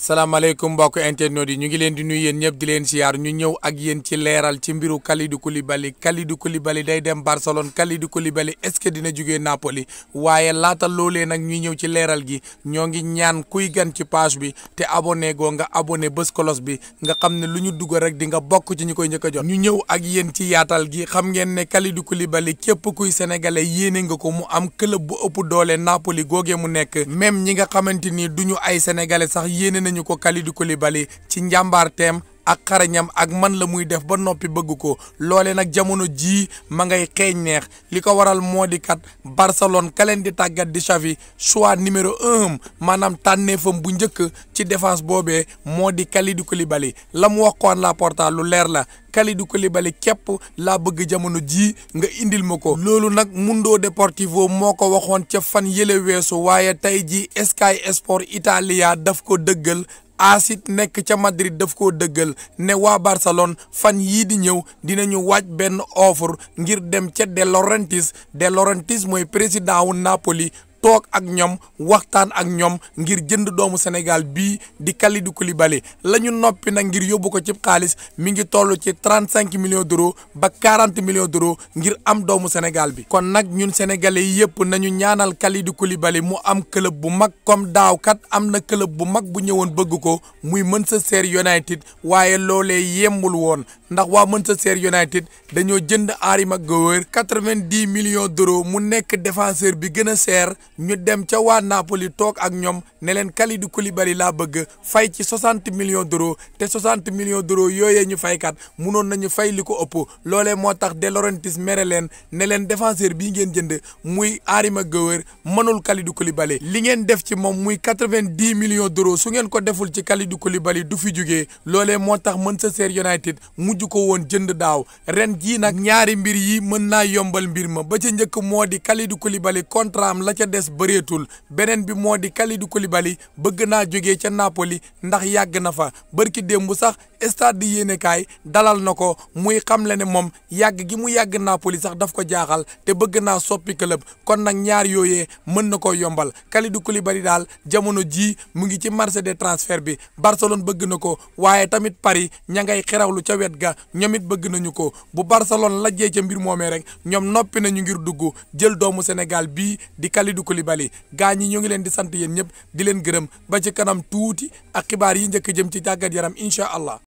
salaamaaleykum mbokk internautes yi ñu ngi leen di nuyu yéen ñëpp di leen siyaar ñu ñëw ak yéen ci leeral ci mbiru Kalidou Koulibaly Kalidou Koulibaly day dem Barcelone Kalidou Koulibaly est-ce que dina jugee Napoli waaye laata loolee nag ñuy ñëw ci leeral gi ñoo ngi ñaan kuy gan ci page bi te abonné goo nga abone bés kolos bi nga xam ne lu ñu dugg rek di nga bokk ci ñu koy njëkk a jot. ñu ñëw ak yéen ci yaatal gi xam ngeen ne Kalidou Koulibaly képp kuy sénégalais yéene nga ko mu am club bu ëpp doole Napoli googee mu nekk même ñi nga xamante ni duñu ay sénégalais sax yéene nañu ko Kalidou Koulibaly ci njàmbaarteem ak xarañam ak man la muy def ba noppi bëgg ko loole nag jamono jii ma ngay xeeñ neex li ko waral moo di kat Barcelone ka di tàggat di Xavi choix numéro un maanaam tànneefam bu njëkk ci défense boobee moo di Kalidou Koulibaly la mu wax la Laporta lu leer la Kalidou Koulibaly képp laa bëgg jamono jii nga indil ma ko loolu nag Mundo Deportivo moo ko waxoon ca fan yële weesu waaye tey jii Sky Sport Italia daf ko dëggal Asit nekk ca Madrid def koo dëggal ne waa Barcelone fan yii di ñëw dina dinañu waaj benn offre ngir dem ca De Laurentiis De Laurentiis mooy président wu Napoli toog ak ñoom waxtaan ak ñoom ngir jënd doomu Sénégal bii di Kalidou Koulibaly la ñu noppi nag ngir yóbbu ko ci xaalis mi ngi toll ci trente cinq millions d'euros ba quarante millions d'euros ngir am doomu Sénégal bi. kon nag ñun sénégalais yëpp nañu ñaanal Kalidou Koulibaly mu am club bu mag comme daawkat am na club bu mag bu ñëwoon bëgg ko muy mën sa Manchester United waaye loole yembul woon ndax waa Manchester United dañoo jënd Harry Maguire quatre-vingt-dix millions mu nekk défenseur bi gën a seer. ñu dem ca waa Napoli toog ak ñoom ne leen Kalidou Koulibaly laa bëgg fay ci soixante millions d'euros te soixante millions d'euros yooyee ñu faykat munoon nañu fay li ko ëpp loolee moo tax De Laurentiis mere leen ne leen défenseur bii ngeen jënd muy Harry Maguire mënul Kalidou Koulibaly li ngeen def ci moom muy quatre-vingt-dix millions su ngeen ko deful ci Kalidou Koulibaly du fi jugee loolee moo tax Manchester United mujj ko woon jënd daaw ren jii nag ñaari mbir yi mën naa yombal mbir ma ba ca njëkk moo di Kalidou Koulibaly contrat la ca des chance bëreetul beneen bi moo di Kalidou Koulibaly bëgg naa jóge ca Napoli ndax yàgg na fa bërki démb sax stade di yéenekaay dalal na ko muy xamle ne moom yàgg gi mu yàgg Napoli sax daf ko jaaxal te bëgg naa soppi club kon nag ñaar yooyee mën na ko yombal Kalidou Koulibaly daal jamono jii mu ngi ci marché des transferts bi Barcelone bëgg na ko waaye tamit Paris ña ngay xerawlu ca wet ga ñoom it bëgg nañu ko bu Barcelone lajjee ca mbir moomee rek ñoom noppi nañu ngir dugg jël doomu Sénégal bii di Kalidou Koulibaly Coulibaly gaa ñi ñoo ngi leen di sant yéen ñëpp di leen gërëm ba ci kanam tuuti ak xibaar yi njëkk jëm ci tàggat yaram incha allah